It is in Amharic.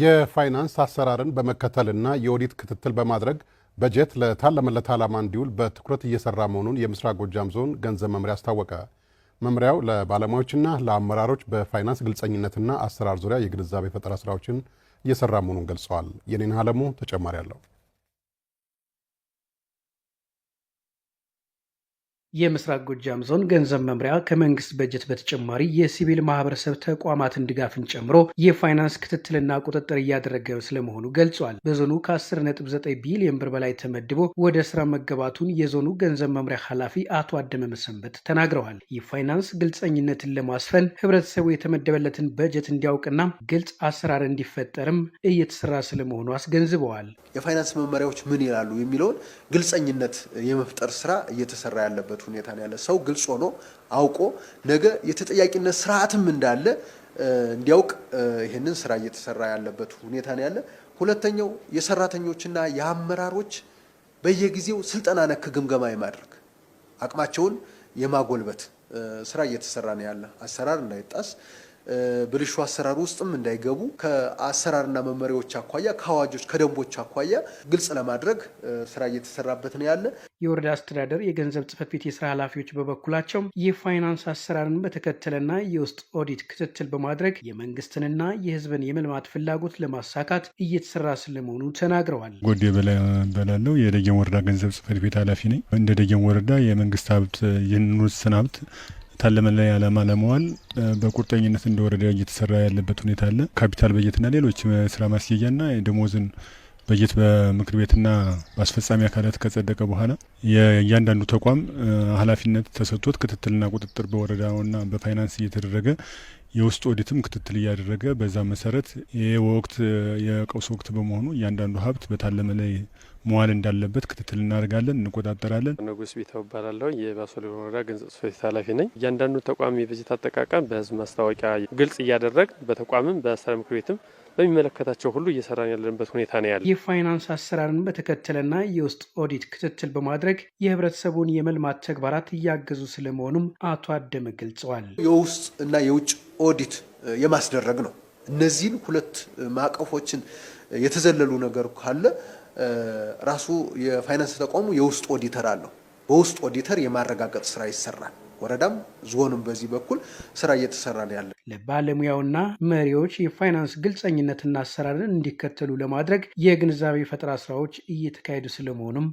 የፋይናንስ አሰራርን በመከተልና የኦዲት ክትትል በማድረግ በጀት ለታለመለት ዓላማ እንዲውል በትኩረት እየሰራ መሆኑን የምስራቅ ጎጃም ዞን ገንዘብ መምሪያ አስታወቀ። መምሪያው ለባለሙያዎችና ለአመራሮች በፋይናንስ ግልጸኝነትና አሰራር ዙሪያ የግንዛቤ ፈጠራ ስራዎችን እየሰራ መሆኑን ገልጸዋል። የኔን አለሙ ተጨማሪ አለው። የምስራቅ ጎጃም ዞን ገንዘብ መምሪያ ከመንግስት በጀት በተጨማሪ የሲቪል ማህበረሰብ ተቋማትን ድጋፍን ጨምሮ የፋይናንስ ክትትልና ቁጥጥር እያደረገ ስለመሆኑ ገልጿል። በዞኑ ከ10.9 ቢሊዮን ብር በላይ ተመድቦ ወደ ስራ መገባቱን የዞኑ ገንዘብ መምሪያ ኃላፊ አቶ አደመ መሰንበት ተናግረዋል። የፋይናንስ ግልጸኝነትን ለማስፈን ህብረተሰቡ የተመደበለትን በጀት እንዲያውቅና ግልጽ አሰራር እንዲፈጠርም እየተሰራ ስለመሆኑ አስገንዝበዋል። የፋይናንስ መመሪያዎች ምን ይላሉ የሚለውን ግልጸኝነት የመፍጠር ስራ እየተሰራ ያለበት ሁኔታ ነው ያለ። ሰው ግልጽ ሆኖ አውቆ ነገ የተጠያቂነት ስርዓትም እንዳለ እንዲያውቅ ይህንን ስራ እየተሰራ ያለበት ሁኔታ ነው ያለ። ሁለተኛው የሰራተኞችና የአመራሮች በየጊዜው ስልጠና ነክ ግምገማ የማድረግ አቅማቸውን የማጎልበት ስራ እየተሰራ ነው ያለ አሰራር እንዳይጣስ ብልሹ አሰራር ውስጥም እንዳይገቡ ከአሰራርና መመሪያዎች አኳያ ከአዋጆች ከደንቦች አኳያ ግልጽ ለማድረግ ስራ እየተሰራበት ነው ያለ የወረዳ አስተዳደር የገንዘብ ጽፈት ቤት የስራ ኃላፊዎች በበኩላቸው የፋይናንስ አሰራርን በተከተለና የውስጥ ኦዲት ክትትል በማድረግ የመንግስትንና የህዝብን የመልማት ፍላጎት ለማሳካት እየተሰራ ስለመሆኑ ተናግረዋል። ጎዴ በላለው የደጀን ወረዳ ገንዘብ ጽሕፈት ቤት ኃላፊ ነኝ። እንደ ደጀን ወረዳ የመንግስት ሀብት የንኑስን ሀብት ታለመላይ ዓላማ ለመዋል በቁርጠኝነት እንደ ወረዳ እየተሰራ ያለበት ሁኔታ አለ። ካፒታል በጀትና ሌሎች ስራ ማስኬጃና ደሞዝን በጀት በምክር ቤትና በአስፈጻሚ አካላት ከጸደቀ በኋላ የእያንዳንዱ ተቋም ኃላፊነት ተሰጥቶት ክትትልና ቁጥጥር በወረዳውና በፋይናንስ እየተደረገ የውስጥ ኦዲትም ክትትል እያደረገ በዛ መሰረት ይህ ወቅት የቀውስ ወቅት በመሆኑ እያንዳንዱ ሀብት በታለመ ላይ መዋል እንዳለበት ክትትል እናደርጋለን፣ እንቆጣጠራለን። ንጉስ ቢተው እባላለሁ። የባሶ ወረዳ ገንዘብ ጽሕፈት ቤት ኃላፊ ነኝ። እያንዳንዱ ተቋም የበጀት አጠቃቀም በህዝብ ማስታወቂያ ግልጽ እያደረግ በተቋምም በአሰራ ምክር ቤትም በሚመለከታቸው ሁሉ እየሰራን ያለንበት ሁኔታ ነው ያለ። የፋይናንስ አሰራርን በተከተለና የውስጥ ኦዲት ክትትል በማድረግ የህብረተሰቡን የመልማት ተግባራት እያገዙ ስለመሆኑም አቶ አደመ ገልጸዋል። የውስጥ እና የውጭ ኦዲት የማስደረግ ነው። እነዚህን ሁለት ማዕቀፎችን የተዘለሉ ነገር ካለ ራሱ የፋይናንስ ተቋሙ የውስጥ ኦዲተር አለው። በውስጥ ኦዲተር የማረጋገጥ ስራ ይሰራል። ወረዳም ዞንም በዚህ በኩል ስራ እየተሰራ ያለ። ለባለሙያውና መሪዎች የፋይናንስ ግልጸኝነትና አሰራርን እንዲከተሉ ለማድረግ የግንዛቤ ፈጠራ ስራዎች እየተካሄዱ ስለመሆኑም